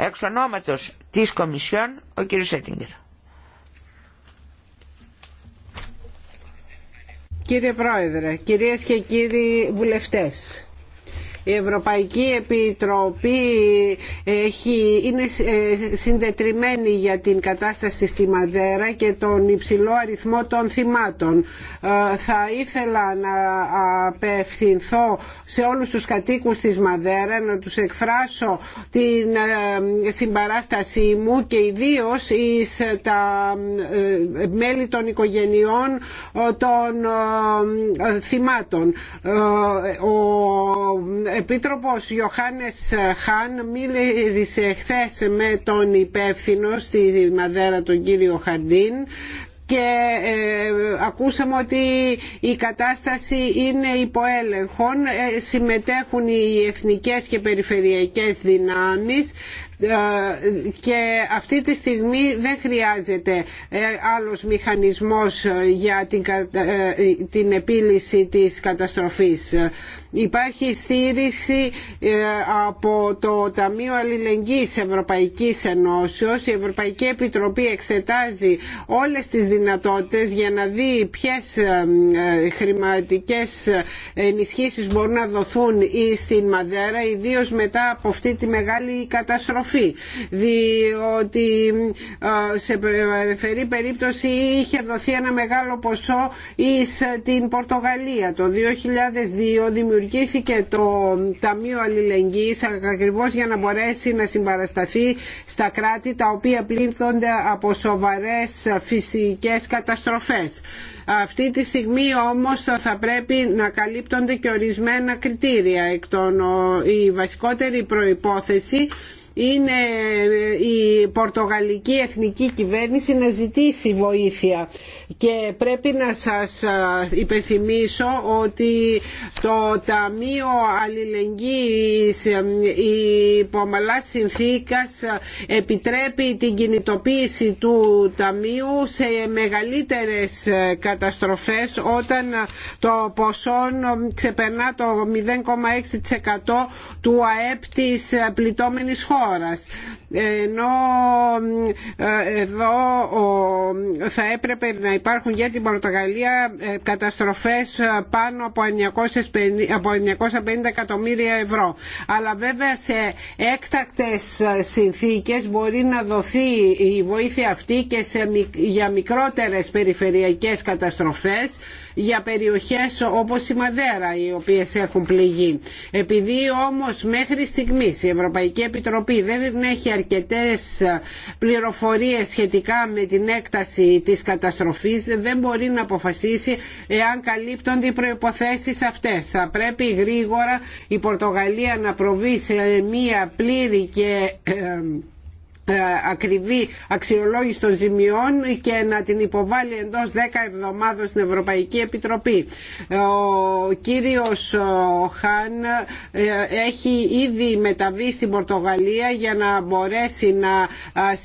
Εξ ονόματος της Κομισιόν, ο κ. Σέτιγκερ. Κύριε Πρόεδρε, κυρίες και κύριοι βουλευτές, η Ευρωπαϊκή Επιτροπή έχει, είναι ε, συντετριμένη για την κατάσταση στη Μαδέρα και τον υψηλό αριθμό των θυμάτων. Ε, θα ήθελα να απευθυνθώ σε όλους τους κατοίκους της Μαδέρα να τους εκφράσω την ε, συμπαράστασή μου και ιδίως εις τα μέλη των οικογενειών των θυμάτων. Ο Επίτροπος Ιωάννης Χάν μίλησε χθε με τον υπεύθυνο στη Μαδέρα τον κύριο Χαντίν και ε, ακούσαμε ότι η κατάσταση είναι υποέλεγχον ε, συμμετέχουν οι εθνικές και περιφερειακές δυνάμεις ε, και αυτή τη στιγμή δεν χρειάζεται ε, άλλος μηχανισμός ε, για την, την επίλυση της καταστροφής. Υπάρχει στήριξη από το Ταμείο Αλληλεγγύης Ευρωπαϊκής Ενώσεως. Η Ευρωπαϊκή Επιτροπή εξετάζει όλες τις δυνατότητες για να δει ποιες χρηματικές ενισχύσεις μπορούν να δοθούν ή στην Μαδέρα, ιδίως μετά από αυτή τη μεγάλη καταστροφή διότι σε περιφερή περίπτωση είχε δοθεί ένα μεγάλο ποσό εις ε, την Πορτογαλία. Το 2002 δημιουργήθηκε το Ταμείο Αλληλεγγύης ακριβώς για να μπορέσει να συμπαρασταθεί στα κράτη τα οποία πλήττονται από σοβαρές φυσικές καταστροφές. Αυτή τη στιγμή όμως θα πρέπει να καλύπτονται και ορισμένα κριτήρια. Εκ των, η βασικότερη προϋπόθεση είναι ε, η Πορτογαλική Εθνική Κυβέρνηση να ζητήσει βοήθεια και πρέπει να σας ε, υπενθυμίσω ότι το Ταμείο Αλληλεγγύης ε, η Πομαλά Συνθήκας επιτρέπει την κινητοποίηση του Ταμείου σε μεγαλύτερες καταστροφές όταν το ποσό ξεπερνά το 0,6% του ΑΕΠ της πληττόμενης χώρας ενώ ε, εδώ θα έπρεπε να υπάρχουν για την Πορτογαλία ε, καταστροφές ε, πάνω από 950 εκατομμύρια ευρώ. Αλλά βέβαια σε έκτακτες συνθήκες μπορεί να δοθεί η βοήθεια αυτή και σε, για μικρότερες περιφερειακές καταστροφές για περιοχές όπως η Μαδέρα οι οποίες έχουν πληγεί. Επειδή όμως μέχρι στιγμής η Ευρωπαϊκή Επιτροπή δεν έχει αρκετές πληροφορίες σχετικά με την έκταση της καταστροφής δεν μπορεί να αποφασίσει εάν καλύπτονται οι προϋποθέσεις αυτές. Θα πρέπει γρήγορα η Πορτογαλία να προβεί σε μία πλήρη και ε, ε, ακριβή αξιολόγηση των ζημιών και να την υποβάλει εντός 10 εβδομάδων στην Ευρωπαϊκή Επιτροπή. Ε, ο κύριος ε, Χάν έχει ήδη μεταβεί στην Πορτογαλία για να μπορέσει να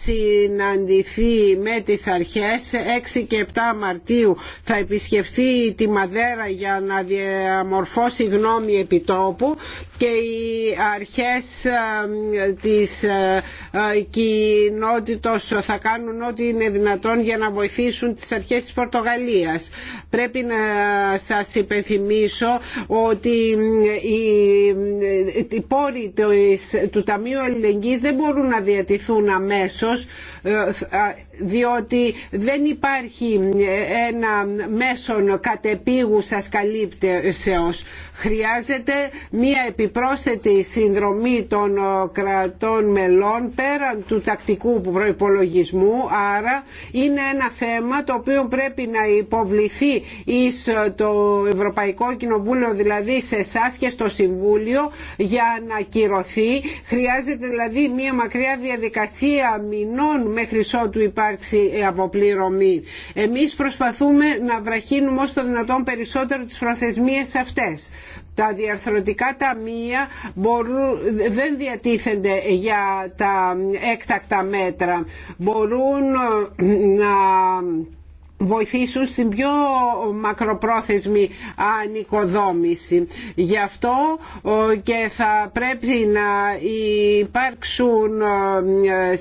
συναντηθεί με τις αρχές. 6 και 7 Μαρτίου θα επισκεφθεί τη Μαδέρα για να διαμορφώσει γνώμη επιτόπου και οι αρχές ε, της ε, ε, κοινότητος θα κάνουν ό,τι είναι δυνατόν για να βοηθήσουν τις αρχές της Πορτογαλίας. Πρέπει να σας υπενθυμίσω ότι οι πόροι του Ταμείου Αλληλεγγύης δεν μπορούν να διατηθούν αμέσως διότι δεν υπάρχει ένα μέσον κατεπίγουσας καλύπτεως. Χρειάζεται μία επιπρόσθετη συνδρομή των ε, κρατών μελών πέραν του τακτικού προϋπολογισμού, άρα είναι ένα θέμα το οποίο πρέπει να υποβληθεί εις ε, το Ευρωπαϊκό Κοινοβούλιο, δηλαδή σε εσά και στο Συμβούλιο για να κυρωθεί. Χρειάζεται δηλαδή μία μακριά διαδικασία μηνών μέχρι ότου υπάρξει αποπληρωμή. Εμείς προσπαθούμε να βραχύνουμε όσο το δυνατόν περισσότερο τις προθεσμίες αυτές. Τα διαρθρωτικά ταμεία μπορούν, δεν διατίθενται για τα έκτακτα μέτρα. Μπορούν να βοηθήσουν στην πιο μακροπρόθεσμη ανοικοδόμηση. Γι' αυτό και θα πρέπει να υπάρξουν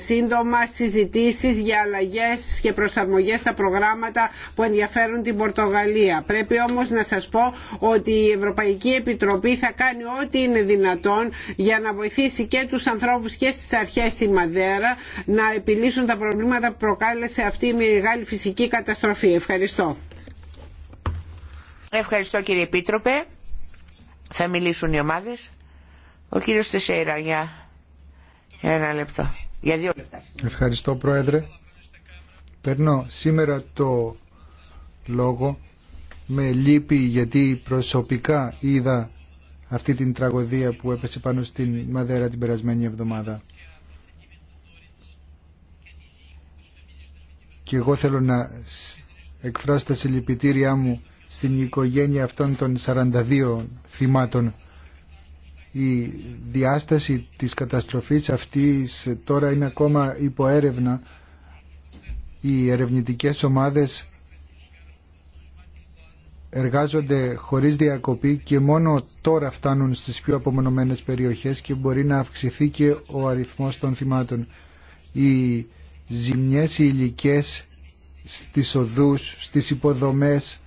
σύντομα συζητήσεις για αλλαγές και προσαρμογές στα προγράμματα που ενδιαφέρουν την Πορτογαλία. Πρέπει όμως να σας πω ότι η Ευρωπαϊκή Επιτροπή θα κάνει ό,τι είναι δυνατόν για να βοηθήσει και τους ανθρώπους και στις αρχές στη Μαδέρα να επιλύσουν τα προβλήματα που προκάλεσε αυτή η μεγάλη φυσική καταστροφή Ευχαριστώ. Ευχαριστώ κύριε Επίτροπε. Θα μιλήσουν οι ομάδες. Ο κύριος Τεσέιρα για... ένα λεπτό. Για δύο λεπτά. Ευχαριστώ Πρόεδρε. Περνώ σήμερα το λόγο με λύπη γιατί προσωπικά είδα αυτή την τραγωδία που έπεσε πάνω στην Μαδέρα την περασμένη εβδομάδα. Και εγώ θέλω να εκφράσω τα συλληπιτήριά μου στην οικογένεια αυτών των 42 θυμάτων. Η διάσταση της καταστροφής αυτής τώρα είναι ακόμα υπό Οι ερευνητικές ομάδες εργάζονται χωρίς διακοπή και μόνο τώρα φτάνουν στις πιο απομονωμένες περιοχές και μπορεί να αυξηθεί και ο αριθμός των θυμάτων. Οι ζημιές οι υλικές στις οδούς, στις υποδομές,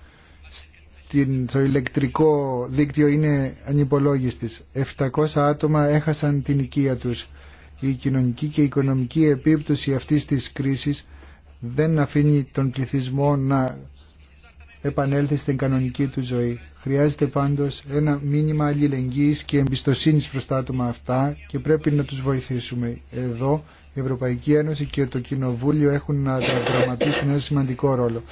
στο ηλεκτρικό δίκτυο είναι ανυπολόγιστης. 700 άτομα έχασαν την οικία τους. Η κοινωνική και οικονομική επίπτωση αυτής της κρίσης δεν αφήνει τον πληθυσμό να επανέλθει στην κανονική του ζωή. Χρειάζεται πάντως ένα μήνυμα αλληλεγγύης και εμπιστοσύνης προς τα άτομα αυτά και πρέπει να τους βοηθήσουμε. Εδώ η Ευρωπαϊκή Ένωση και το Κοινοβούλιο έχουν να δραματίσουν ένα σημαντικό ρόλο.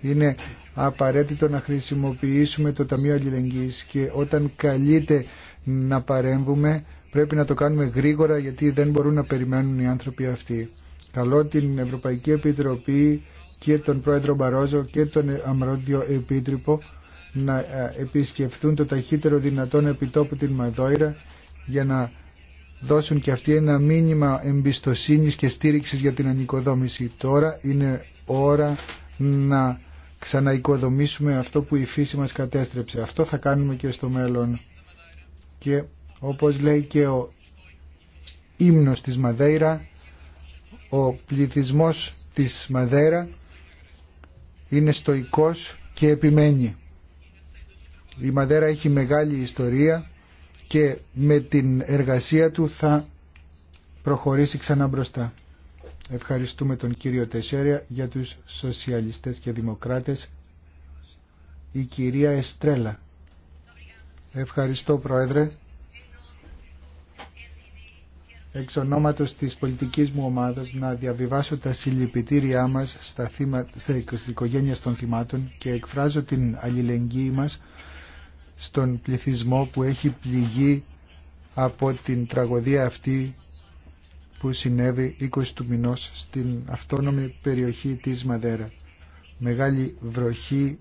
Είναι απαραίτητο να χρησιμοποιήσουμε το Ταμείο Αλληλεγγύης και όταν καλείται να παρέμβουμε πρέπει να το κάνουμε γρήγορα γιατί δεν μπορούν να περιμένουν οι άνθρωποι αυτοί. Καλό την Ευρωπαϊκή Επιτροπή και τον πρόεδρο Μπαρόζο και τον Αμρόντιο επίτρυπο, να ε, επισκεφθούν το ταχύτερο δυνατόν επιτόπου την Μαδόηρα για να δώσουν και αυτοί ένα μήνυμα εμπιστοσύνης και στήριξης για την ανοικοδόμηση. Τώρα είναι ώρα να ξαναοικοδομήσουμε αυτό που η φύση μας κατέστρεψε. Αυτό θα κάνουμε και στο μέλλον. Και όπως λέει και ο ύμνος της Μαδέιρα, ο πληθυσμός της Μαδέρα είναι στοικός και επιμένει. Η Μαδέρα έχει μεγάλη ιστορία και με την εργασία του θα προχωρήσει ξανά μπροστά. Ευχαριστούμε τον κύριο Τεσέρια για τους σοσιαλιστές και δημοκράτες. Η κυρία Εστρέλα. Ευχαριστώ Πρόεδρε εξ ονόματος της πολιτικής μου ομάδας να διαβιβάσω τα συλληπιτήριά μας στα, θύμα, στα οικογένεια των θυμάτων και εκφράζω την αλληλεγγύη μας στον πληθυσμό που έχει πληγεί από την τραγωδία αυτή που συνέβη 20 του μηνός στην αυτόνομη περιοχή της Μαδέρα. Μεγάλη βροχή,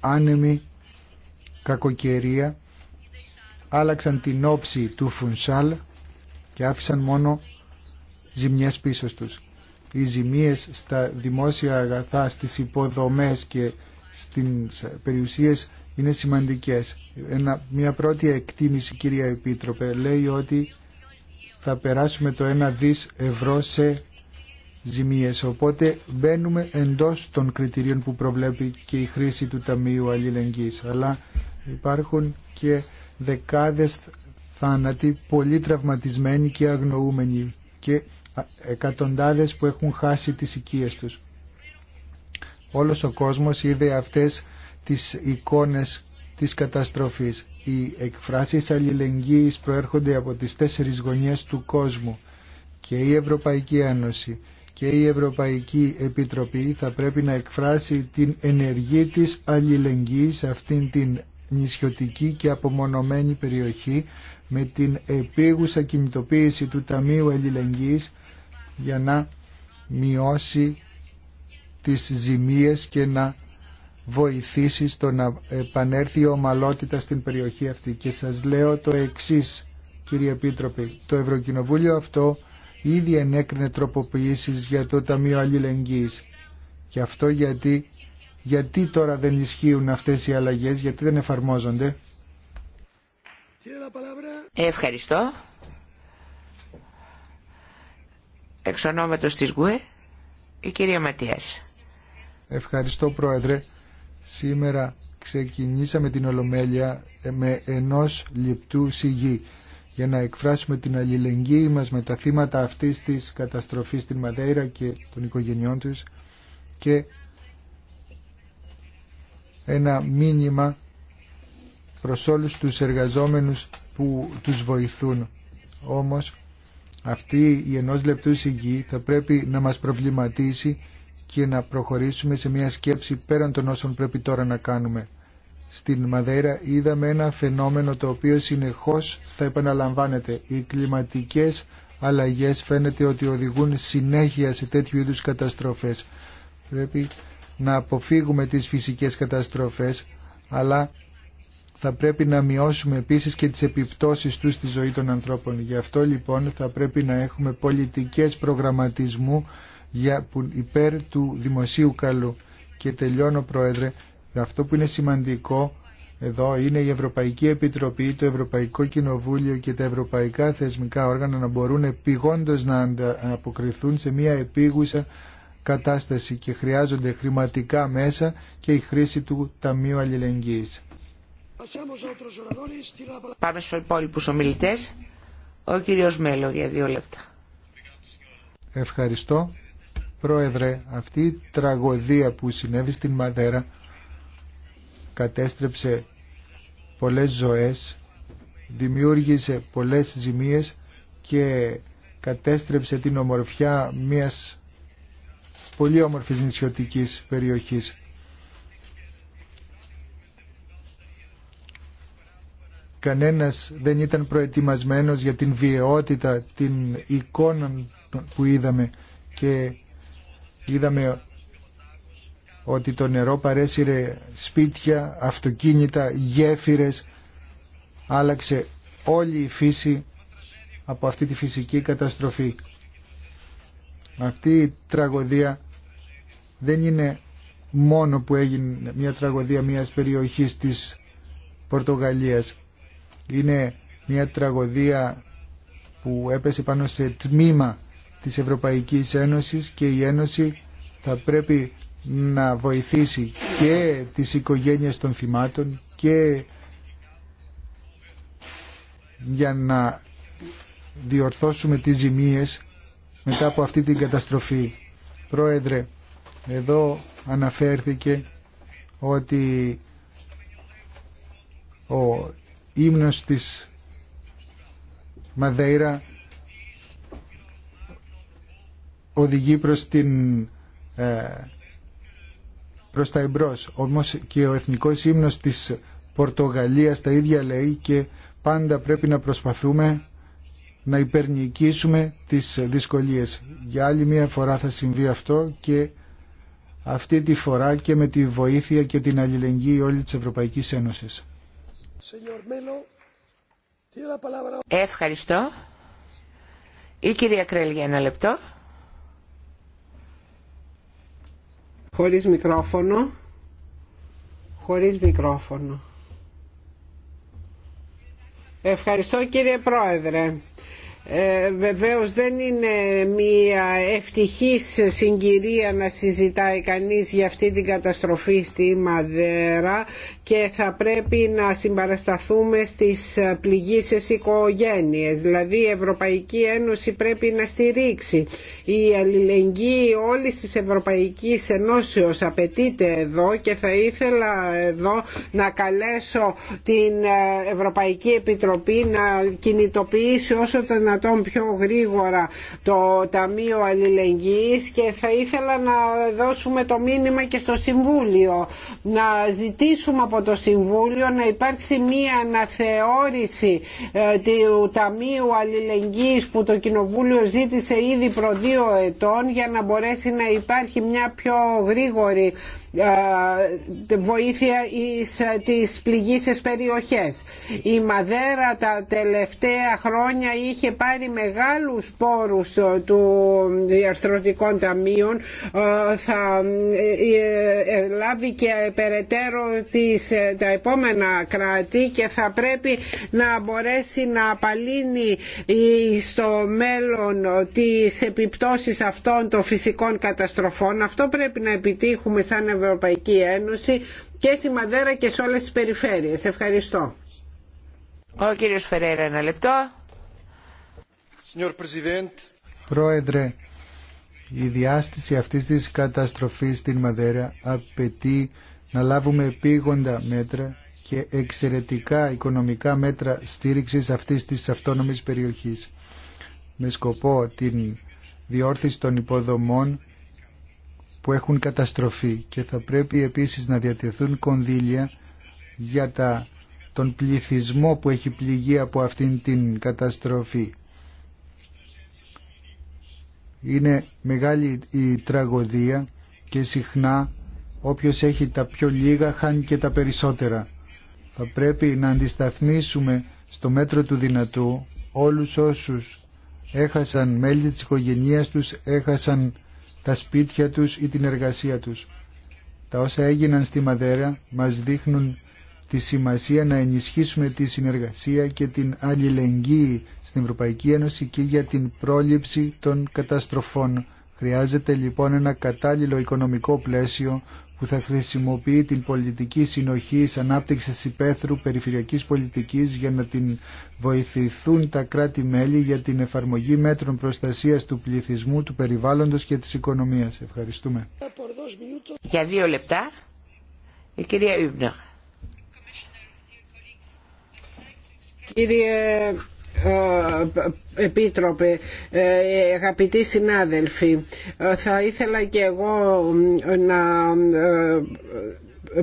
άνεμη, κακοκαιρία άλλαξαν την όψη του Φουνσάλ και άφησαν μόνο ζημιές πίσω τους. Οι ζημίες στα δημόσια αγαθά, στις υποδομές και στις περιουσίες είναι σημαντικές. Ένα, μια πρώτη εκτίμηση, κυρία Επίτροπε, λέει ότι θα περάσουμε το 1 δις ευρώ σε ζημίες. Οπότε μπαίνουμε εντός των κριτηρίων που προβλέπει και η χρήση του Ταμείου Αλληλεγγύης. Αλλά υπάρχουν και δεκάδες θάνατοι, πολύ τραυματισμένοι και αγνοούμενοι και εκατοντάδες που έχουν χάσει τις οικίες τους. Όλος ο κόσμος είδε αυτές τις εικόνες της καταστροφής. Οι εκφράσεις αλληλεγγύης προέρχονται από τις τέσσερις γωνιές του κόσμου και η Ευρωπαϊκή Ένωση και η Ευρωπαϊκή Επιτροπή θα πρέπει να εκφράσει την ενεργή της αλληλεγγύη σε αυτήν την νησιωτική και απομονωμένη περιοχή με την επίγουσα κινητοποίηση του Ταμείου Αλληλεγγύης για να μειώσει τις ζημίες και να βοηθήσει στο να επανέρθει η ομαλότητα στην περιοχή αυτή. Και σας λέω το εξής, κύριε Επίτροπε, το Ευρωκοινοβούλιο αυτό ήδη ενέκρινε τροποποιήσεις για το Ταμείο Αλληλεγγύης. Και αυτό γιατί, γιατί τώρα δεν ισχύουν αυτές οι αλλαγές, γιατί δεν εφαρμόζονται. Ευχαριστώ. Εξ ονόματος της ΓΟΕ, η κυρία Ματίας. Ευχαριστώ Πρόεδρε. Σήμερα ξεκινήσαμε την Ολομέλεια ε, με ενός λεπτού σιγή για να εκφράσουμε την αλληλεγγύη μας με τα θύματα αυτής της καταστροφής στην Μαδέιρα και των οικογενειών τους και ένα μήνυμα προς όλους τους εργαζόμενους που τους βοηθούν. Όμως αυτή η ενός λεπτού συγγύη θα πρέπει να μας προβληματίσει και να προχωρήσουμε σε μια σκέψη πέραν των όσων πρέπει τώρα να κάνουμε. Στην Μαδέρα είδαμε ένα φαινόμενο το οποίο συνεχώς θα επαναλαμβάνεται. Οι κλιματικές αλλαγές φαίνεται ότι οδηγούν συνέχεια σε τέτοιου είδους καταστροφές. Πρέπει να αποφύγουμε τις φυσικές καταστροφές, αλλά θα πρέπει να μειώσουμε επίσης και τις επιπτώσεις του στη ζωή των ανθρώπων. Γι' αυτό λοιπόν θα πρέπει να έχουμε πολιτικές προγραμματισμού για, που, υπέρ του δημοσίου καλού. Και τελειώνω Πρόεδρε, αυτό που είναι σημαντικό εδώ είναι η Ευρωπαϊκή Επιτροπή, το Ευρωπαϊκό Κοινοβούλιο και τα ευρωπαϊκά θεσμικά όργανα να μπορούν επιγόντως να αποκριθούν σε μια επίγουσα κατάσταση και χρειάζονται χρηματικά μέσα και η χρήση του Ταμείου Αλληλεγγύης. Πάμε στους υπόλοιπους ομιλητές. Ο κύριος Μέλο για δύο λεπτά. Ευχαριστώ. Πρόεδρε, αυτή η τραγωδία που συνέβη στην Μαδέρα κατέστρεψε πολλές ζωές, δημιούργησε πολλές ζημίες και κατέστρεψε την ομορφιά μιας πολύ όμορφης νησιωτικής περιοχής. Κανένας δεν ήταν προετοιμασμένος για την βιαιότητα, την εικόνα που είδαμε και είδαμε ότι το νερό παρέσυρε σπίτια, αυτοκίνητα, γέφυρες, άλλαξε όλη η φύση από αυτή τη φυσική καταστροφή. Αυτή η τραγωδία δεν είναι μόνο που έγινε μια τραγωδία μιας περιοχής της Πορτογαλίας είναι μια τραγωδία που έπεσε πάνω σε τμήμα της Ευρωπαϊκής Ένωσης και η Ένωση θα πρέπει να βοηθήσει και τις οικογένειες των θυμάτων και για να διορθώσουμε τις ζημίες μετά από αυτή την καταστροφή. Πρόεδρε, εδώ αναφέρθηκε ότι ο ύμνος της Μαδέιρα οδηγεί προς, την, ε, προς τα εμπρός. Όμως και ο εθνικός ύμνος της Πορτογαλίας τα ίδια λέει και πάντα πρέπει να προσπαθούμε να υπερνικήσουμε τις δυσκολίες. Για άλλη μία φορά θα συμβεί αυτό και αυτή τη φορά και με τη βοήθεια και την αλληλεγγύη όλη της Ευρωπαϊκής Ένωσης. Ευχαριστώ. Η κυρία Κρέλ για ένα λεπτό. Χωρίς μικρόφωνο. Χωρίς μικρόφωνο. Ευχαριστώ κύριε Πρόεδρε. Ε, βεβαίως δεν είναι μια ευτυχής συγκυρία να συζητάει κανείς για αυτή την καταστροφή στη Μαδέρα και θα πρέπει να συμπαρασταθούμε στις πληγήσεις οικογένειες. Δηλαδή η Ευρωπαϊκή Ένωση πρέπει να στηρίξει. Η αλληλεγγύη όλης της Ευρωπαϊκής Ενώσεως απαιτείται εδώ και θα ήθελα εδώ να καλέσω την Ευρωπαϊκή Επιτροπή να κινητοποιήσει όσο το δυνατόν πιο γρήγορα το Ταμείο Αλληλεγγύης και θα ήθελα να δώσουμε το μήνυμα και στο Συμβούλιο να ζητήσουμε από το Συμβούλιο να υπάρξει μία αναθεώρηση ε, του Ταμείου Αλληλεγγύης που το Κοινοβούλιο ζήτησε ήδη προ δύο ετών για να μπορέσει να υπάρχει μια πιο γρήγορη ε, βοήθεια εις ε, της πληγήσεις περιοχές. Η Μαδέρα τα τελευταία χρόνια είχε πάρει μεγάλους πόρους ε, του διαρθρωτικών ταμείων ε, θα ε, λάβει και περαιτέρω τις, τα επόμενα κράτη και θα πρέπει να μπορέσει να απαλύνει στο μέλλον τις επιπτώσεις αυτών των φυσικών καταστροφών. Αυτό πρέπει να επιτύχουμε σαν Ευρωπαϊκή Ένωση και στη Μαδέρα και σε όλες τις περιφέρειες. Ευχαριστώ. Ο κύριος Φερέρα ένα λεπτό. Πρόεδρε, η διάστηση αυτής της καταστροφής στην Μαδέρα απαιτεί να λάβουμε επίγοντα μέτρα και εξαιρετικά οικονομικά μέτρα στήριξης αυτής της αυτόνομης περιοχής με σκοπό την διόρθωση των υποδομών που έχουν καταστροφεί και θα πρέπει επίσης να διατεθούν κονδύλια για τα, τον πληθυσμό που έχει πληγεί από αυτήν την καταστροφή είναι μεγάλη η τραγωδία και συχνά όποιος έχει τα πιο λίγα χάνει και τα περισσότερα. Θα πρέπει να αντισταθμίσουμε στο μέτρο του δυνατού όλους όσους έχασαν μέλη της οικογένειας τους, έχασαν τα σπίτια τους ή την εργασία τους. Τα όσα έγιναν στη Μαδέρα μας δείχνουν τη σημασία να ενισχύσουμε τη συνεργασία και την αλληλεγγύη στην Ευρωπαϊκή Ένωση και για την πρόληψη των καταστροφών. Χρειάζεται λοιπόν ένα κατάλληλο οικονομικό πλαίσιο που θα χρησιμοποιεί την πολιτική συνοχή ανάπτυξης υπαίθρου περιφερειακής πολιτικής για να την βοηθηθούν τα κράτη-μέλη για την εφαρμογή μέτρων προστασίας του πληθυσμού, του περιβάλλοντος και της οικονομίας. Ευχαριστούμε. λεπτά, η κυρία Κύριε ε, Επίτροπε, ε, αγαπητοί συνάδελφοι, ε, θα ήθελα και εγώ να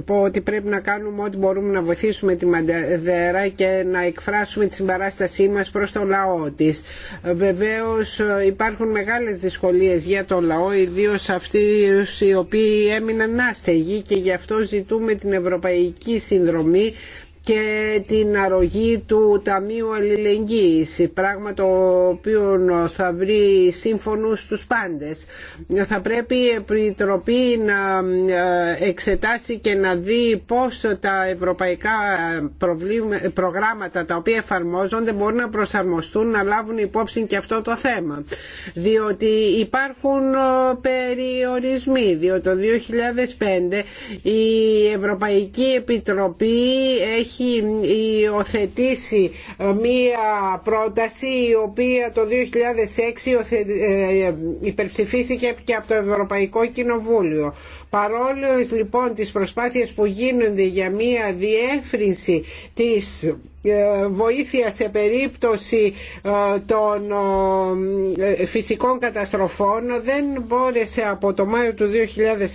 πω ότι πρέπει να κάνουμε ό,τι μπορούμε να βοηθήσουμε τη Μαντεδέρα και να εκφράσουμε τη συμπαράστασή μας προς το λαό της. Βεβαίως υπάρχουν μεγάλες δυσκολίες για το λαό, ιδίως αυτοί οι οποίοι έμειναν άστεγοι και γι' αυτό ζητούμε την Ευρωπαϊκή Συνδρομή και την αρρωγή του Ταμείου Αλληλεγγύης, πράγμα το οποίο θα βρει σύμφωνο στους πάντες. Θα πρέπει η Επιτροπή να ε, εξετάσει και να δει πώς τα ευρωπαϊκά ε, ε, προγράμματα τα οποία εφαρμόζονται μπορούν να προσαρμοστούν να λάβουν υπόψη και αυτό το θέμα. Διότι υπάρχουν περιορισμοί, διότι το 2005 η Ευρωπαϊκή Επιτροπή έχει έχει υιοθετήσει μία πρόταση η οποία το 2006 ε, υπερψηφίστηκε και από το Ευρωπαϊκό Κοινοβούλιο. Παρόλο λοιπόν τις προσπάθειες που γίνονται για μία διεύρυνση της ε, βοήθεια σε περίπτωση ε, των ε, φυσικών καταστροφών δεν μπόρεσε από το Μάιο του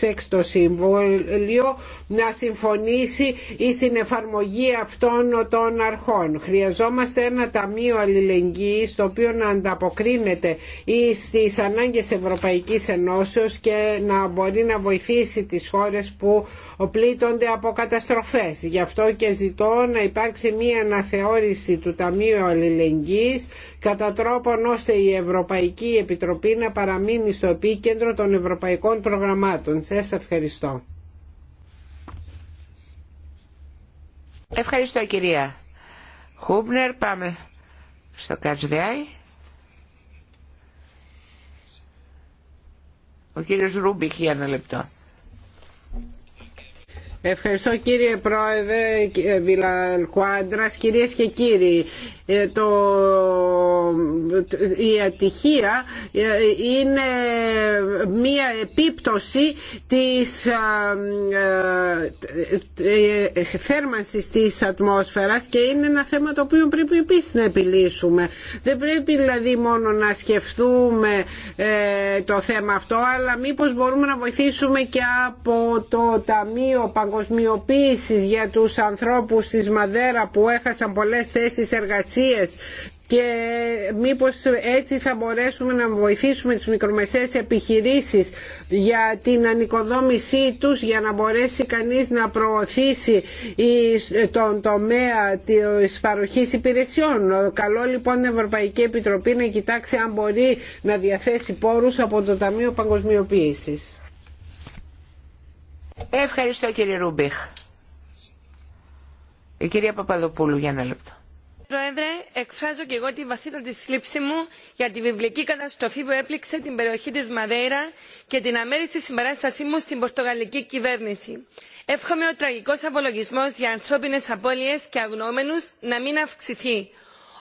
2006 το Συμβούλιο να συμφωνήσει στην εφαρμογή αυτών των αρχών. Χρειαζόμαστε ένα ταμείο αλληλεγγύης το οποίο να ανταποκρίνεται στις ανάγκες Ευρωπαϊκής Ενώσεως και να μπορεί να βοηθήσει τις χώρες που πλήττονται από καταστροφές. Γι' αυτό και ζητώ να υπάρξει μία αναθεώρηση του Ταμείου Αλληλεγγύης κατά τρόπον ώστε η Ευρωπαϊκή Επιτροπή να παραμείνει στο επίκεντρο των ευρωπαϊκών προγραμμάτων. Σας ευχαριστώ. Ευχαριστώ κυρία Χούμπνερ. Πάμε στο Κατσδιάι. Ο κύριος Ρούμπικ για ένα λεπτό. Ευχαριστώ κύριε Πρόεδρε Βιλαλκουάντρας, κυρίες και κύριοι. Ε, το η ατυχία ε, είναι μία επίπτωση της ε, ε, θέρμανσης της ατμόσφαιρας και είναι ένα θέμα το οποίο πρέπει επίσης να επιλύσουμε. Δεν πρέπει δηλαδή μόνο να σκεφτούμε το θέμα αυτό αλλά μήπως μπορούμε να βοηθήσουμε και από το Ταμείο Παγκοσμιοποίησης για τους ανθρώπους της Μαδέρα που έχασαν πολλές θέσεις εργασίες και μήπως έτσι θα μπορέσουμε να βοηθήσουμε τις μικρομεσαίες επιχειρήσεις για την ανοικοδόμησή τους για να μπορέσει κανείς να προωθήσει τον τομέα της παροχής υπηρεσιών. Καλό λοιπόν η Ευρωπαϊκή Επιτροπή να κοιτάξει αν μπορεί να διαθέσει πόρους από το Ταμείο Παγκοσμιοποίησης. Ευχαριστώ κύριε Ρούμπιχ. Η κυρία Παπαδοπούλου για ένα λεπτό εκφράζω και εγώ τη βαθύτατη θλίψη μου για τη βιβλική καταστροφή που έπληξε την περιοχή της Μαδέιρα και την αμέριστη συμπαράστασή μου στην πορτογαλική κυβέρνηση. Εύχομαι ο τραγικός απολογισμός για ανθρώπινες απώλειες και αγνοούμενους να μην αυξηθεί.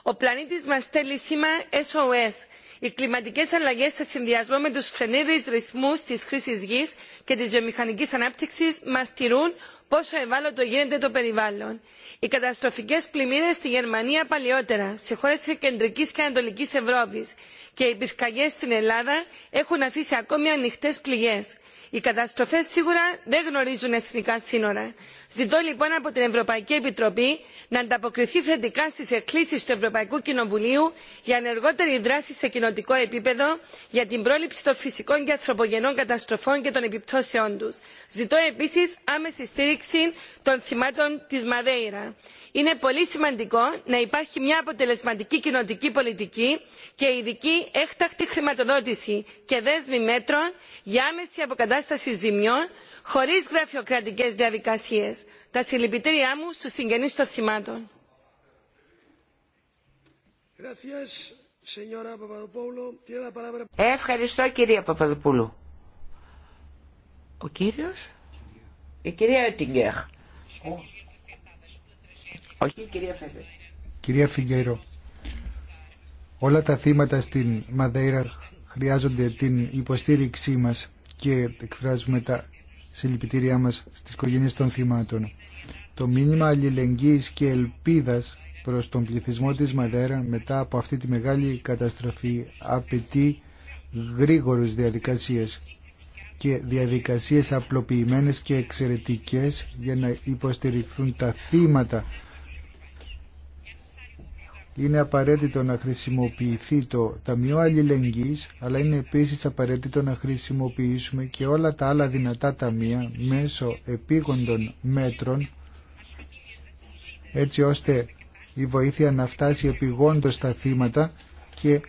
Ο πλανήτης μας στέλνει σήμα SOS οι κλιματικέ αλλαγέ σε συνδυασμό με του φρενήρει ρυθμού τη χρήση γη και τη βιομηχανική ανάπτυξη μαρτυρούν πόσο ευάλωτο γίνεται το περιβάλλον. Οι καταστροφικέ πλημμύρε στη Γερμανία παλιότερα, σε χώρε τη κεντρική και ανατολική Ευρώπη και οι πυρκαγιέ στην Ελλάδα έχουν αφήσει ακόμη ανοιχτέ πληγέ οι καταστροφέ σίγουρα δεν γνωρίζουν εθνικά σύνορα. ζητώ λοιπόν από την ευρωπαϊκή επιτροπή να ανταποκριθεί θετικά στι εκκλήσει του ευρωπαϊκού κοινοβουλίου για ενεργότερη δράση σε κοινοτικό επίπεδο για την πρόληψη των φυσικών και ανθρωπογενών καταστροφών και των επιπτώσεών του. ζητώ επίση άμεση στήριξη των θυμάτων τη μαδέιρα. είναι πολύ σημαντικό να υπάρχει μια αποτελεσματική κοινοτική πολιτική και ειδική έκτακτη χρηματοδότηση και δέσμη μέτρων για άμεση αποκατάσταση στα ζημιών χωρίς γραφειοκρατικές διαδικασίες. Τα συλληπιτήριά μου στους συγγενείς των θυμάτων. Ευχαριστώ κυρία Παπαδοπούλου. Ο κύριος, η κυρία Έτιγκερ. όλα τα θύματα στην Μαδέιρα χρειάζονται την υποστήριξή μας και εκφράζουμε τα συλληπιτήριά μας στις οικογένειες των θυμάτων. Το μήνυμα αλληλεγγύης και ελπίδας προς τον πληθυσμό της Μαδέρα μετά από αυτή τη μεγάλη καταστροφή απαιτεί γρήγορες διαδικασίες και διαδικασίες απλοποιημένες και εξαιρετικές για να υποστηριχθούν τα θύματα είναι απαραίτητο να χρησιμοποιηθεί το Ταμείο Αλληλεγγύης, αλλά είναι επίσης απαραίτητο να χρησιμοποιήσουμε και όλα τα άλλα δυνατά ταμεία μέσω επίγοντων μέτρων, έτσι ώστε η βοήθεια να φτάσει επιγόντως στα θύματα και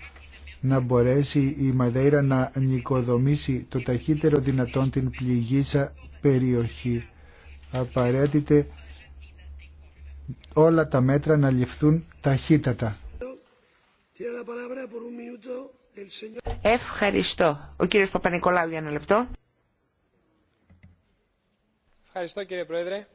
να μπορέσει η Μαδέιρα να νοικοδομήσει το ταχύτερο δυνατόν την πληγήσα περιοχή. Απαραίτητε όλα τα μέτρα να ληφθούν ταχύτατα. Ευχαριστώ. Ο κύριος Παπα-Νικολάου για ένα λεπτό. Ευχαριστώ κύριε Πρόεδρε.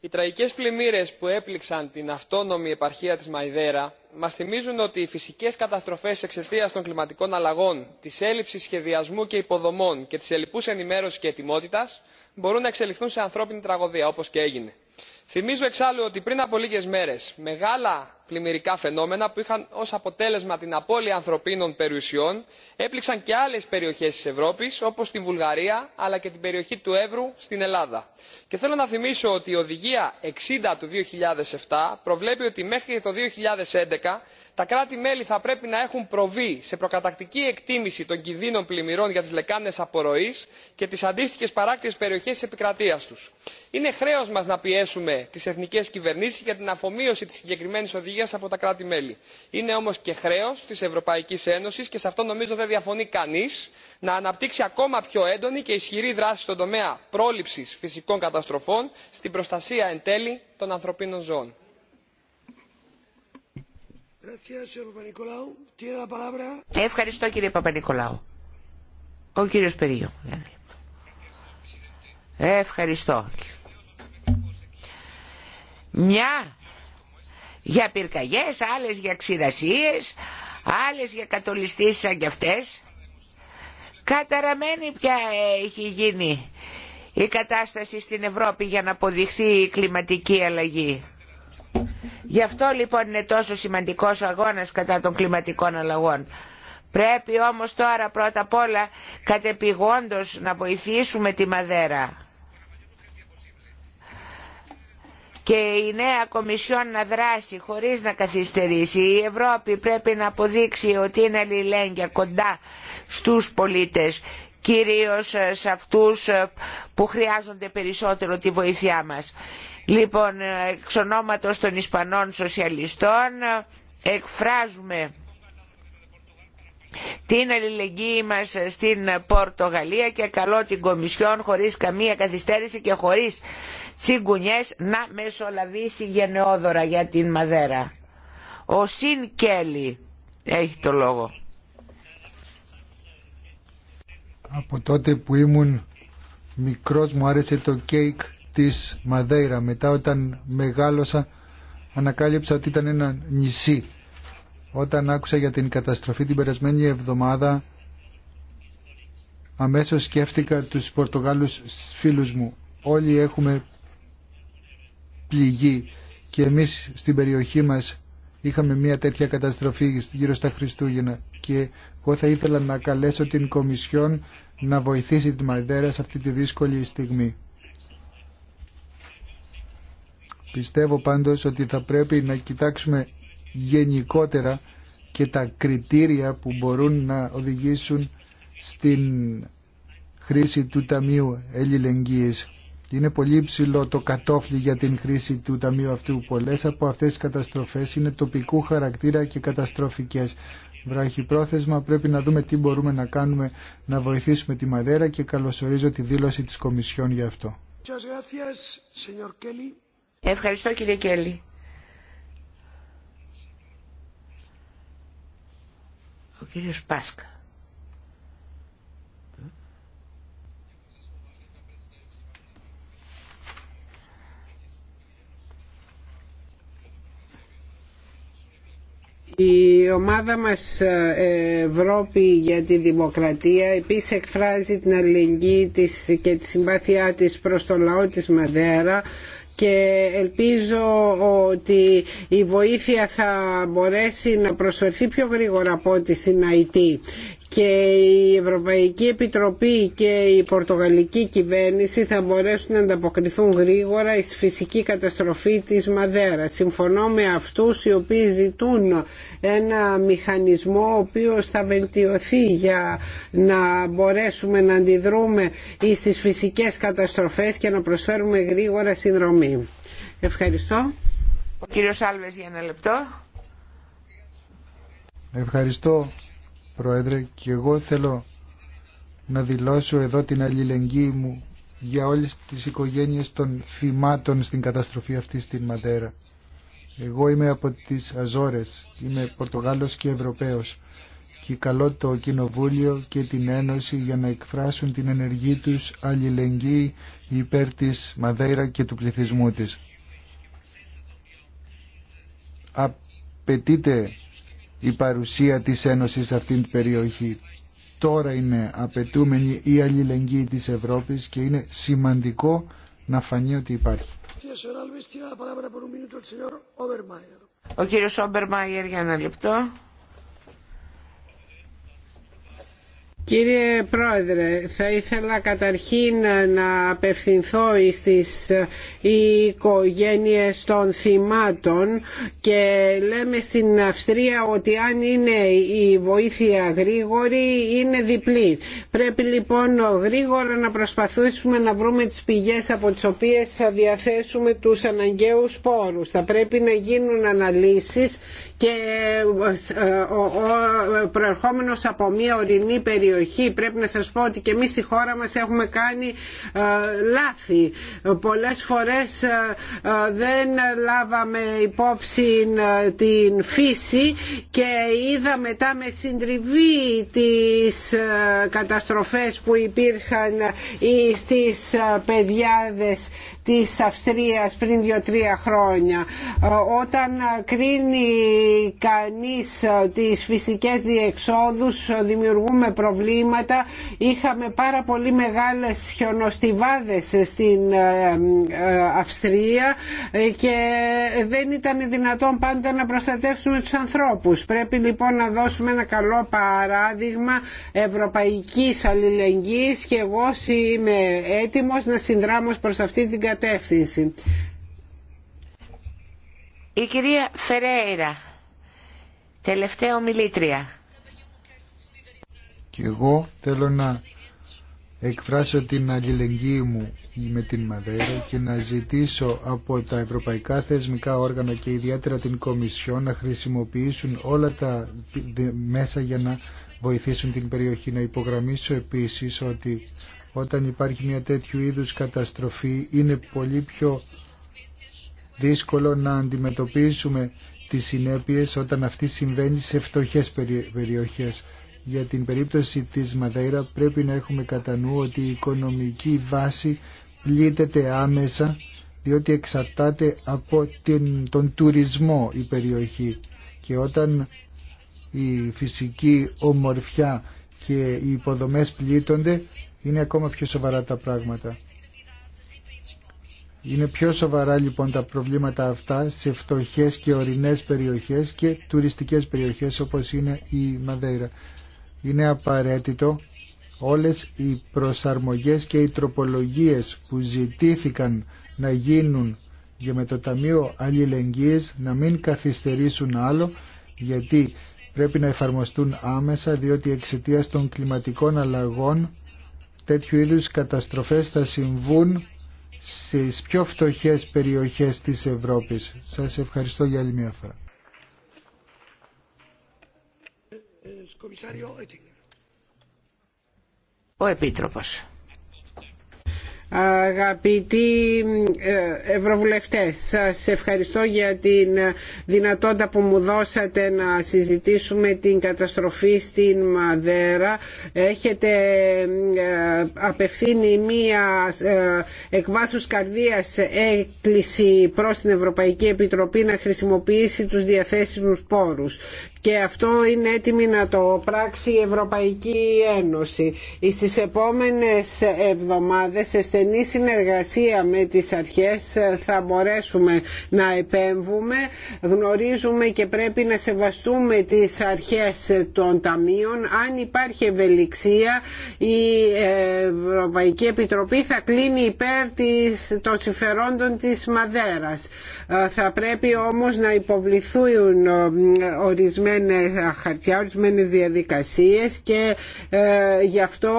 Οι τραγικές πλημμύρες που έπληξαν την αυτόνομη επαρχία της Μαϊδέρα μας θυμίζουν ότι οι φυσικές καταστροφές εξαιτία των κλιματικών αλλαγών, της έλλειψης σχεδιασμού και υποδομών και της ελλειπούς ενημέρωσης και ετοιμότητας μπορούν να εξελιχθούν σε ανθρώπινη τραγωδία όπως και έγινε θυμίζω εξάλλου ότι πριν από λίγες μέρες μεγάλα πλημμυρικά φαινόμενα που είχαν ως αποτέλεσμα την απώλεια ανθρωπίνων περιουσιών έπληξαν και άλλες περιοχές της ευρώπης όπως τη βουλγαρία αλλά και την περιοχή του εύρου στην ελλάδα. και θέλω να θυμίσω ότι η οδηγία 60 του 2007 προβλέπει ότι μέχρι το 2011 τα κράτη μέλη θα πρέπει να έχουν προβεί σε προκατακτική εκτίμηση των κινδύνων πλημμυρών για τις λεκάνες απορροής και τις αντίστοιχες παράκτιες περιοχές της επικρατείας τους. είναι χρέο μας να πιέσουμε τις εθνικές κυβερνήσεις για την αφομοίωση της συγκεκριμένης οδηγίας ενέργεια από τα κράτη μέλη. είναι όμω και χρέο τη ευρωπαϊκή ένωση και σε αυτό νομίζω δεν διαφωνεί κανεί να αναπτύξει ακόμα πιο έντονη και ισχυρή δράση στον τομέα πρόληψη φυσικών καταστροφών στην προστασία εν τέλει των ανθρωπίνων ζώων. Ευχαριστώ κύριε Ο κύριος Περίο. Ευχαριστώ για πυρκαγιές, άλλες για ξηρασίες, άλλες για κατολιστήσεις σαν κι αυτές. Καταραμένη πια έχει γίνει η κατάσταση στην Ευρώπη για να αποδειχθεί η κλιματική αλλαγή. Γι' αυτό λοιπόν είναι τόσο σημαντικός ο αγώνας κατά των κλιματικών αλλαγών. Πρέπει όμως τώρα πρώτα απ' όλα κατεπηγόντως να βοηθήσουμε τη Μαδέρα. και η νέα Κομισιόν να δράσει χωρίς να καθυστερήσει. Η Ευρώπη πρέπει να αποδείξει ότι είναι αλληλέγγυα κοντά στους πολίτες, κυρίως σε αυτούς που χρειάζονται περισσότερο τη βοήθειά μας. Λοιπόν, εξ ονόματος των Ισπανών Σοσιαλιστών εκφράζουμε την αλληλεγγύη μας στην Πορτογαλία και καλώ την Κομισιόν χωρίς καμία καθυστέρηση και χωρίς τσιγκουνιές να μεσολαβήσει γενναιόδωρα για την Μαδέρα. Ο Σιν Κέλλη έχει το λόγο. Από τότε που ήμουν μικρός μου άρεσε το κέικ της Μαδέρα. Μετά όταν μεγάλωσα ανακάλυψα ότι ήταν ένα νησί. Όταν άκουσα για την καταστροφή την περασμένη εβδομάδα αμέσως σκέφτηκα τους Πορτογάλους φίλους μου. Όλοι έχουμε πληγή και εμείς στην περιοχή μας είχαμε μια τέτοια καταστροφή γύρω στα Χριστούγεννα και εγώ θα ήθελα να καλέσω την Κομισιόν να βοηθήσει τη Μαϊδέρα σε αυτή τη δύσκολη στιγμή. Πιστεύω πάντως ότι θα πρέπει να κοιτάξουμε γενικότερα και τα κριτήρια που μπορούν να οδηγήσουν στην χρήση του Ταμείου Ελληλεγγύης. Είναι πολύ υψηλό το κατόφλι για την χρήση του ταμείου αυτού. Πολλέ από αυτέ τι καταστροφέ είναι τοπικού χαρακτήρα και καταστροφικές. πρόθεσμα. πρέπει να δούμε τι μπορούμε να κάνουμε να βοηθήσουμε τη Μαδέρα και καλωσορίζω τη δήλωση τη Κομισιόν για αυτό. Ευχαριστώ κύριε Κέλλη. Ο κύριος Πάσκα. Η ομάδα μας ε, Ευρώπη για τη Δημοκρατία επίσης εκφράζει την αλληλεγγύη της και τη συμπάθειά της προς το λαό της Μαδέρα και ελπίζω ότι η βοήθεια θα μπορέσει να προσφερθεί πιο γρήγορα από ό,τι στην ΑΕΤ και η Ευρωπαϊκή Επιτροπή και η Πορτογαλική κυβέρνηση θα μπορέσουν να ανταποκριθούν γρήγορα στη φυσική καταστροφή της Μαδέρα. Συμφωνώ με αυτούς οι οποίοι ζητούν ένα μηχανισμό ο οποίος θα βελτιωθεί για να μπορέσουμε να αντιδρούμε στις φυσικές καταστροφές και να προσφέρουμε γρήγορα συνδρομή. Ευχαριστώ. Ο κύριος Άλβες για ένα λεπτό. Ευχαριστώ Πρόεδρε, και εγώ θέλω να δηλώσω εδώ την αλληλεγγύη μου για όλες τις οικογένειες των θυμάτων στην καταστροφή αυτή στην Μαδέρα. Εγώ είμαι από τις Αζόρες, είμαι Πορτογάλος και Ευρωπαίος και καλώ το Κοινοβούλιο και την Ένωση για να εκφράσουν την ενεργή τους αλληλεγγύη υπέρ της Μαδέρα και του πληθυσμού της. Απαιτείται η παρουσία της Ένωσης σε αυτήν την περιοχή. Τώρα είναι απαιτούμενη η αλληλεγγύη της Ευρώπης και είναι σημαντικό να φανεί ότι υπάρχει. Ο κύριος Όμπερ για ένα λεπτό. Κύριε Πρόεδρε, θα ήθελα καταρχήν να απευθυνθώ στις οικογένειες των θυμάτων και λέμε στην Αυστρία ότι αν είναι η βοήθεια γρήγορη είναι διπλή. Πρέπει λοιπόν γρήγορα να προσπαθήσουμε να βρούμε τις πηγές από τις οποίες θα διαθέσουμε τους αναγκαίους πόρους. Θα πρέπει να γίνουν αναλύσεις και προερχόμενος από μια ορεινή περιοχή περιοχή. Πρέπει να σας πω ότι και εμείς στη χώρα μας έχουμε κάνει ε, λάθη. Πολλές φορές ε, ε, δεν λάβαμε υπόψη την φύση και είδα μετά με συντριβή τις καταστροφές που υπήρχαν στις παιδιάδες της Αυστρίας πριν δύο-τρία χρόνια. Ε, όταν κρίνει κανείς ε, τις φυσικές διεξόδους ε, δημιουργούμε προβλήματα. Είχαμε πάρα πολύ μεγάλες χιονοστιβάδες στην Αυστρία και δεν ήταν δυνατόν πάντα να προστατεύσουμε τους ανθρώπους. Πρέπει λοιπόν να δώσουμε ένα καλό παράδειγμα ευρωπαϊκής αλληλεγγύης και εγώ είμαι έτοιμος να συνδράμω προς αυτή την κατάσταση κατεύθυνση. Η κυρία Φερέιρα, τελευταία ομιλήτρια. Και εγώ θέλω να εκφράσω την αλληλεγγύη μου με την Μαδέρα και να ζητήσω από τα ευρωπαϊκά θεσμικά όργανα και ιδιαίτερα την Κομισιό να χρησιμοποιήσουν όλα τα μέσα για να βοηθήσουν την περιοχή. Να υπογραμμίσω επίσης ότι όταν υπάρχει μια τέτοιου είδους καταστροφή είναι πολύ πιο δύσκολο να αντιμετωπίσουμε τις συνέπειες όταν αυτή συμβαίνει σε φτωχές περιοχές. Για την περίπτωση της Μαδέρα πρέπει να έχουμε κατά νου ότι η οικονομική βάση πλήττεται άμεσα διότι εξαρτάται από τον τουρισμό η περιοχή και όταν η φυσική ομορφιά και οι υποδομές πλήττονται είναι ακόμα πιο σοβαρά τα πράγματα. Είναι πιο σοβαρά λοιπόν τα προβλήματα αυτά σε φτωχές και ορεινές περιοχές και τουριστικές περιοχές όπως είναι η Μαδέιρα. Είναι απαραίτητο όλες οι προσαρμογές και οι τροπολογίες που ζητήθηκαν να γίνουν για με το Ταμείο αλληλεγγύη να μην καθυστερήσουν άλλο γιατί πρέπει να εφαρμοστούν άμεσα διότι εξαιτία των κλιματικών αλλαγών τέτοιου είδους καταστροφές θα συμβούν στις πιο φτωχές περιοχές της Ευρώπης. Σας ευχαριστώ για άλλη μια φορά. Ο Επίτροπος. Αγαπητοί ε, Ευρωβουλευτές, σας ευχαριστώ για την δυνατότητα που μου δώσατε να συζητήσουμε την καταστροφή στην Μαδέρα. Έχετε ε, απευθύνει μία ε, εκβάθους καρδίας έκκληση προς την Ευρωπαϊκή Επιτροπή να χρησιμοποιήσει τους διαθέσιμους πόρους και αυτό είναι έτοιμη να το πράξει η Ευρωπαϊκή Ένωση. Στις επόμενες εβδομάδες, σε στενή συνεργασία με τις αρχές, θα μπορέσουμε να επέμβουμε. Γνωρίζουμε και πρέπει να σεβαστούμε τις αρχές των ταμείων. Αν υπάρχει ευελιξία, η Ευρωπαϊκή Επιτροπή θα κλείνει υπέρ των συμφερόντων της Μαδέρας. Θα πρέπει όμως να υποβληθούν ορισμένες Ορισμένε χαρτιά, ορισμένε διαδικασίες και ε, γι' αυτό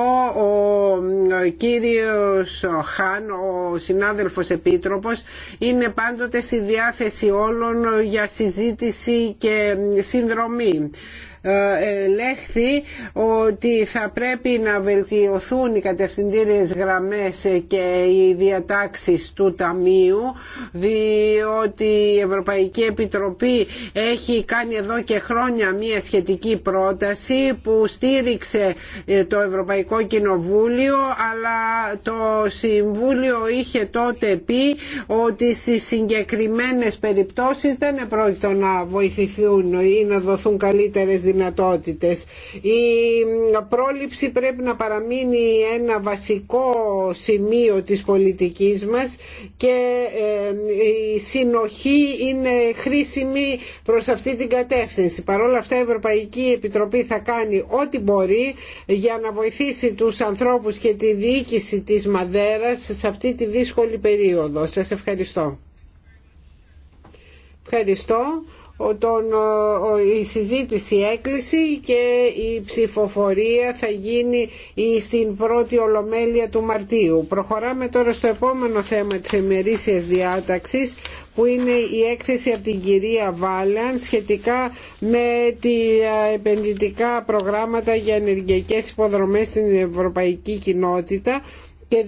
ο κύριο Χάν, ο συνάδελφος επίτροπος, είναι πάντοτε στη διάθεση όλων για συζήτηση και συνδρομή λέχθη ε, ότι θα πρέπει να βελτιωθούν οι κατευθυντήριες γραμμές και οι διατάξεις του Ταμείου διότι η Ευρωπαϊκή Επιτροπή έχει κάνει εδώ και χρόνια μία σχετική πρόταση που στήριξε ε, το Ευρωπαϊκό Κοινοβούλιο αλλά το Συμβούλιο είχε τότε πει ότι στις συγκεκριμένες περιπτώσεις δεν επρόκειτο να βοηθηθούν ή να δοθούν καλύτερες δυνατότητες. Η πρόληψη πρέπει να παραμείνει ένα βασικό σημείο της πολιτικής μας και ε, η συνοχή είναι χρήσιμη προς αυτή την κατεύθυνση. Παρ' όλα αυτά η Ευρωπαϊκή Επιτροπή θα κάνει ό,τι μπορεί για να βοηθήσει τους ανθρώπους και τη διοίκηση της Μαδέρας σε αυτή τη δύσκολη περίοδο. Σας ευχαριστώ. Ευχαριστώ τον, η συζήτηση έκλεισε και η ψηφοφορία θα γίνει στην πρώτη ολομέλεια του Μαρτίου. Προχωράμε τώρα στο επόμενο θέμα της εμερήσιας διάταξης που είναι η έκθεση από την κυρία Βάλεαν σχετικά με τα επενδυτικά προγράμματα για ενεργειακές υποδρομές στην Ευρωπαϊκή Κοινότητα